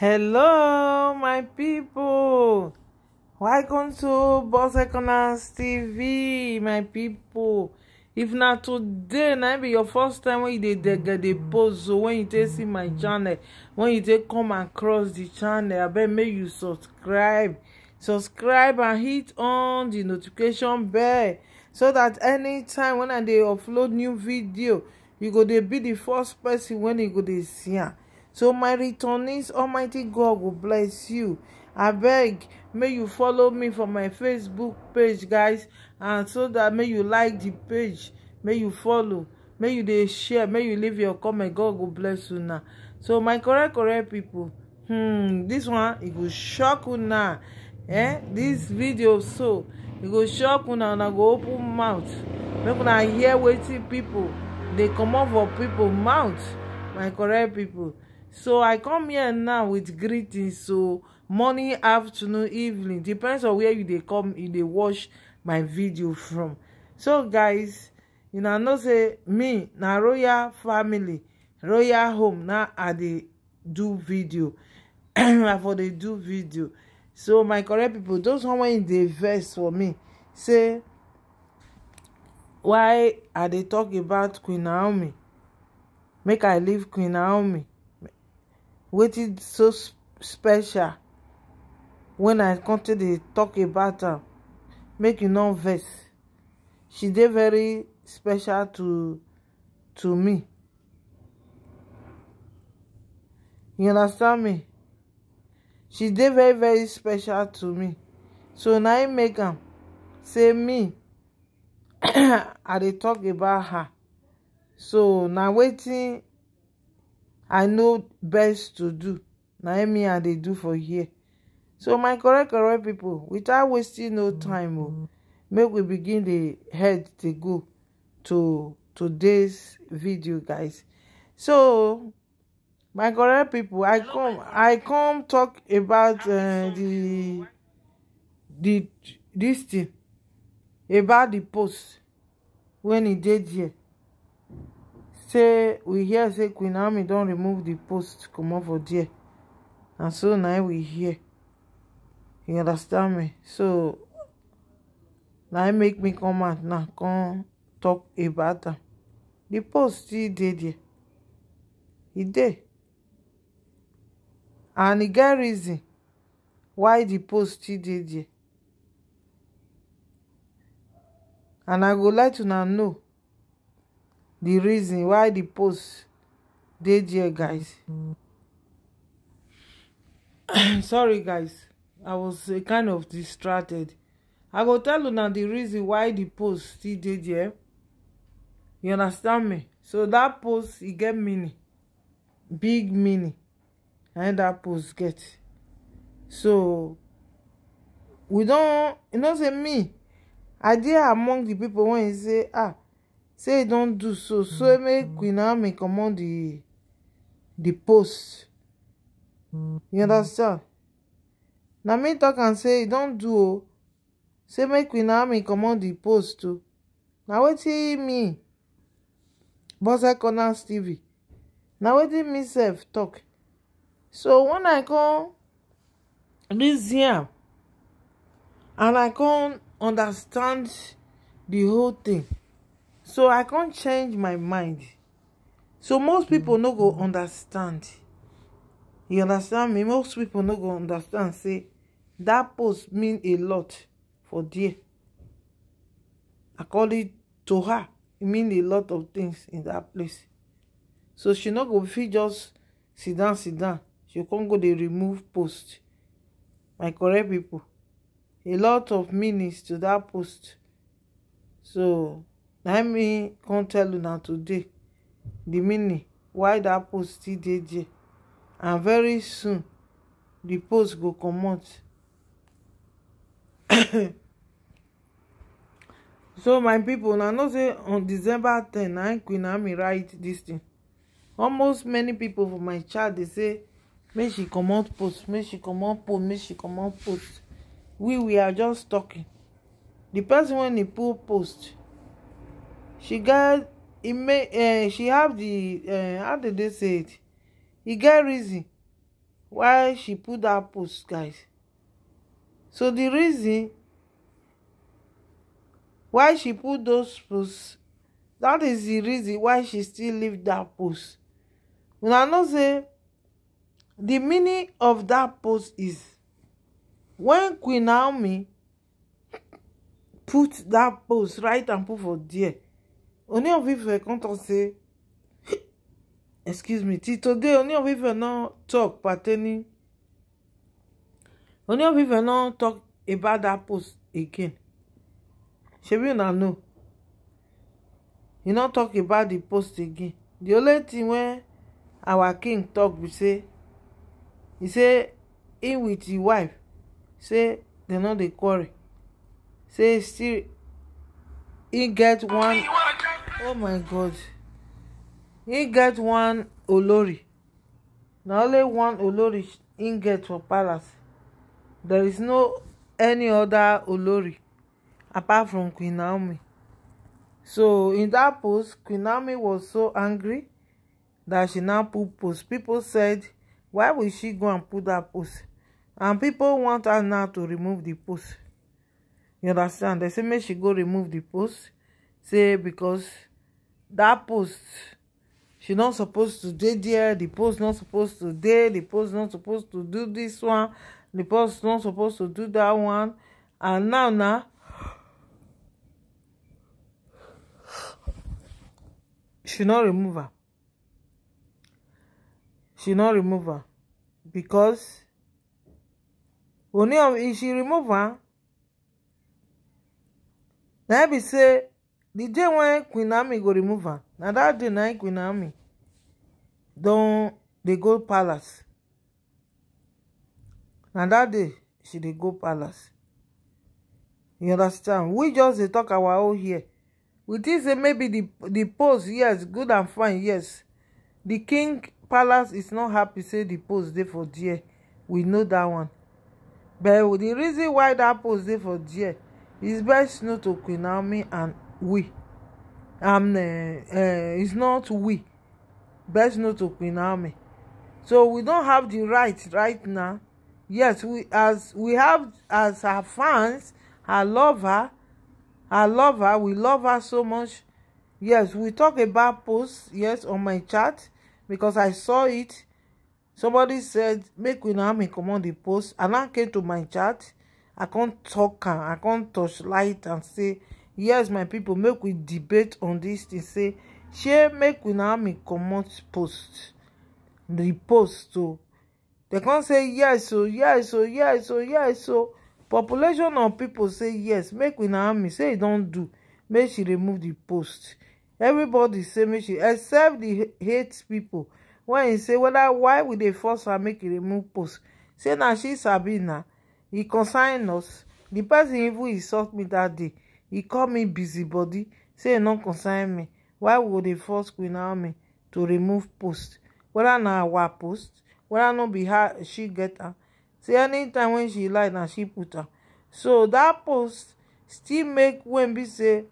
hello my people. welcome to boss economics tv my people. if not today na be your first time when you did get the post so when you take see my channel when you take come across the channel I abeg make you subscribe subscribe and hit on the notification bell so dat anytime when i dey upload new video you go to be the first person when you go to see am so my returnees almighty god will bless you I beg, may you follow me for my facebook page guys and so that may you like the page may you follow may you they share may you leave your comment god will bless you now. so my correct correct people, hmm this one it e go shock you now, eh This video so it e go shock you una I go open mouth make una hear waiting people. They come up for people mouth my correct people so i come here now with greetings so morning afternoon evening depends on where you dey come you dey watch my video from so guys you na know say me na royal family royal home na i dey do video i for dey do video so my correct people, those one wey dey vex for me say why i dey talk about queen naomi make i leave queen naomi wetin so special when i come dey talk about am make you no vex she dey very special to to me you understand me she dey very very special to me so na im make am say me i dey talk about her so na wetin i know best to do na me i dey do for here so my correct correct pipo without wasting no time o oh, make we begin the head to go to today's video guys so my correct people, i come i come talk about uh, the the this thing about the post when he did here say we hear say queen naomi don't remove the post comot for there And so now e we hear you understand me so now e make me come out now come talk about am The post still dey there e dey and e get reason why the post still dey there and i would like to now know the reason why the post dey there guys sorry guys i was uh, kind of distracted i go tell una the reason why the post still dey there you understand me so that post e get meaning big meaning and that post get so we don you know say me i dey among the people wey say ah Say don't do so. So make mm-hmm. we now may command the post. You mm-hmm. understand? Now me talk and say don't do. Say make may command the post too. Now what he me? Boss I corner Stevie. Now what me self talk? So when I come this year and I can't understand the whole thing. so i con change my mind so most pipo no go understand you understand me most people no go understand say that post mean a lot for there according to her It mean a lot of things in that place so she no go feel just sit down sit down she can't go They remove post my correct people. a lot of meanings to that post so na me come tell una today The meaning why that post still dey there and very soon the post go comot so my people, na know say on december ten. na queen army write this thing almost many people for my chat dey say make she comot post make she comot post make she comot post we we are just talking The person wey e post post she get He make uh, she have the uh, how did they say it He get reason why she put that post guys so the reason why she put those posts that is the reason why she still leave that post I know say the meaning of that post is when Queen Naomi put that post right and put for there Oni on vivre quand on sait. Excuse me. Till today, oni on vivre now talk pertaining. Oni on vivre now talk about that post again. Shebi una know. You no talk about the post again. The only thing when our king talk be say, he say in with his wife say they no dey quarrel say still he get one oh my god He get one olori na only one olori he get for palace there is no any other olori apart from queen naomi so in that post queen naomi was so angry that she now put post people said why will she go and put that post and people want her now to remove the post you understand they say make she go remove the post say because That post she not supposed to do there the post not supposed to do. the post not supposed to do this one the post not supposed to do that one and now now she not remove her she not remove her because only if she remove her let me say The day when queen naomi go remove her, na dat day night queen naomi don dey go palace na dat day she dey go palace you understand we just dey talk our own here we think say maybe the post yes good and fine yes The king palace is not happy say the post there for dear. we know that one but the reason why that post there for dear is best known to queen naomi and we I'm. uh, uh, it's not we best known to Queen Naomi so we don't have the right right now yes we as we have as her fans her lover her lover we love her so much yes we talk about post. yes on my chat because I saw it somebody said make Queen Naomi comot the post and I came to my chat I can't talk am I touch light and say yes my people make we debate on this thing say share make we now me comment post repost o They can't say yes so yes so yes so yes so. population of people say yes make we now me say e don't do make she remove the post everybody say make she except the hate people. When e say whether why would they force her make e remove post say na she sabi na e consign us di person even insult me that day He called me busybody say e no concern me why would go dey force queen naomi to remove post whether na our post whether no be her she get her? say anytime when she like and she put her. so that post still make wey be say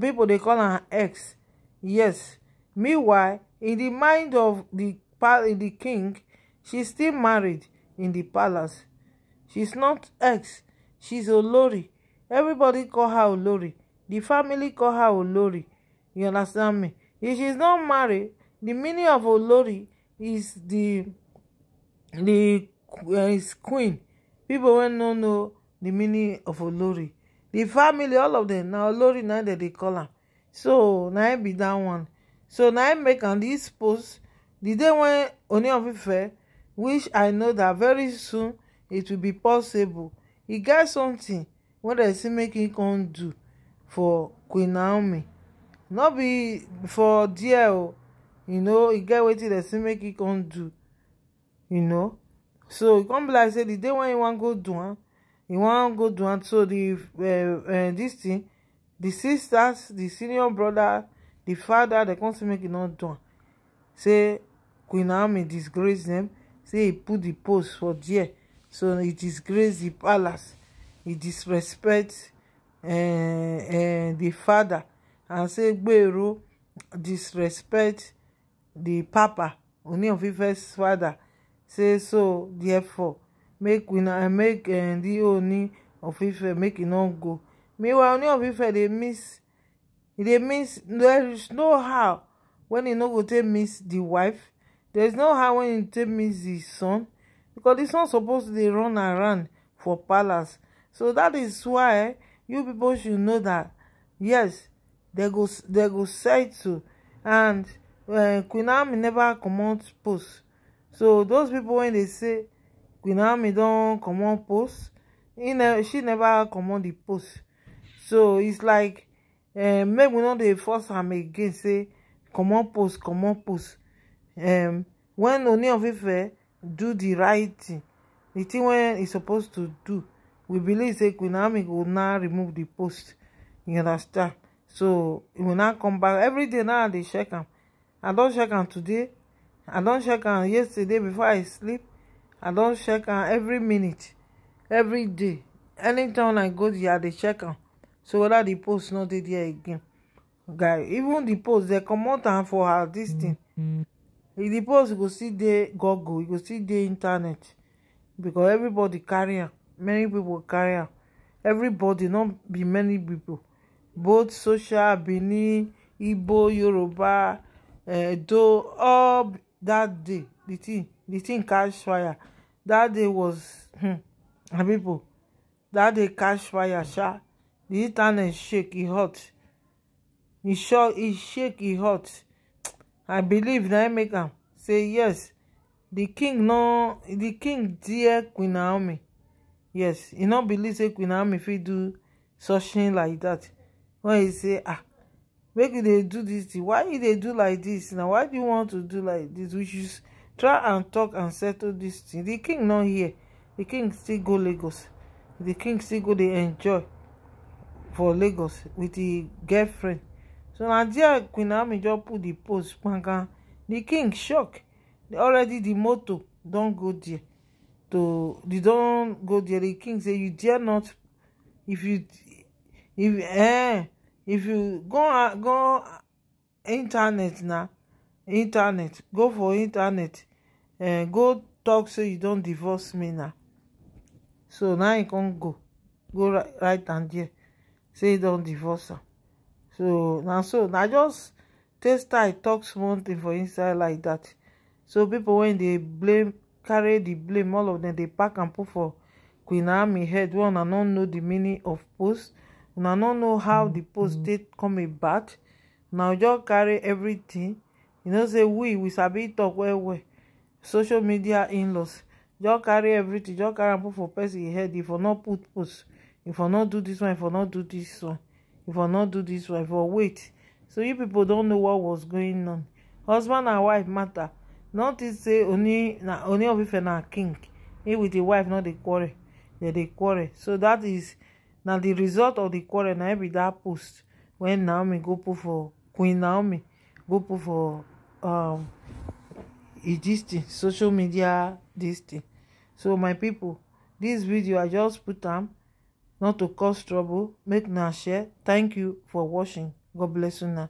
people they call her ex yes meanwhile in the mind of the the king she still married in the palace she's not ex she's a lorry everybody call her olori the family call her olori you understand me if she's not married the meaning of olori is the the uh, is queen people wey no know the meaning of olori the family all of them now olori now dem dey call her. so now I be that one so now I make on this post the day when Ooni of Ife which i know that very soon it will be possible e got something wey dem say make im come do for queen naomi no be for there o you know e get wetin dem say make im come do you know so e come be like say di day when he wan go do am he wan go do am so di eh, eh, this thing the sisters the senior brother the father dem come say make e no do am say queen naomi disgrace dem say he put the post for there so e disgrace the palace he disrespect uh, uh, the father and say gbero disrespect the papa Ooni of Ife's father say so therefore make una make uh, the Ooni of Ife make e no go meanwhile Ooni of Ife dey miss e dey miss there is no how when he no go take miss the wife there is no how when he take miss the son because the son suppose dey run around for palace so that is why you people should know that. yes they go they go say settle and eh, queen army never comot post so those people when they say queen army don comot post she never comot the post so its like eh, maybe we no dey force am again say comot post comot post um, when only of ife do the right thing the thing when e supposed to do we believe say queen will now remove the post you understand so e will now come back every day now i check him. i don't check him today i don't check him yesterday before i sleep i don't check him every minute every day anytime i go there i check him so whether the post not dey there again guy even the post dem comot am for her dis thing if mm-hmm. di post go see the google you e go still dey internet because everybody carry am many people carry am everybody no be many people. both social benin igbo yoruba edo all that day the thing the thing catch fire That day was hmm, people. That day catch fire sha di internet shake e hot e, e shake e hot i believe na make am say yes The king no The king dear queen naomi yes you not believe say queen naomi fit do such thing like that. When e say ah make you dey do this? thing why do they do like this? Now why do you want to do like this? we should try and talk and settle this thing The king not here. The king still go lagos The king still go they enjoy for lagos with the girlfriend so now dear queen naomi just put the post kpankan di king shocked. already the motto. Don't go there to you don't go there the king say you dare not if you if eh if you go go internet now, internet go for internet eh go talk say you don't divorce me now. so now you come go go right right and there say you don't divorce her. so now so now just test I talk small thing for inside like that. so people when they blame carry the blame all of them. They pack and put for queen naomi head wey una no know di meaning of post una don't know how the mm-hmm. post did come about Now just carry everything you know say we we sabi talk where well social media in-laws just carry everything just carry and put for person head if for not put post if for not do this one if for not do this one if for not do this one if for wait so you people don't know what was going on husband and wife matter not think say only, na only of ife na king he with the wife not the quarrel dem dey quarrel so that is now the result of the quarrel Now be that post when naomi go put for queen naomi go put for um e, this thing social media this thing so my people this video i just put am not to cause trouble make now share thank you for watching god bless you now.